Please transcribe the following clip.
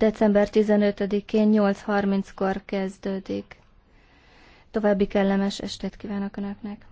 December 15-én 8.30-kor kezdődik. További kellemes estét kívánok Önöknek!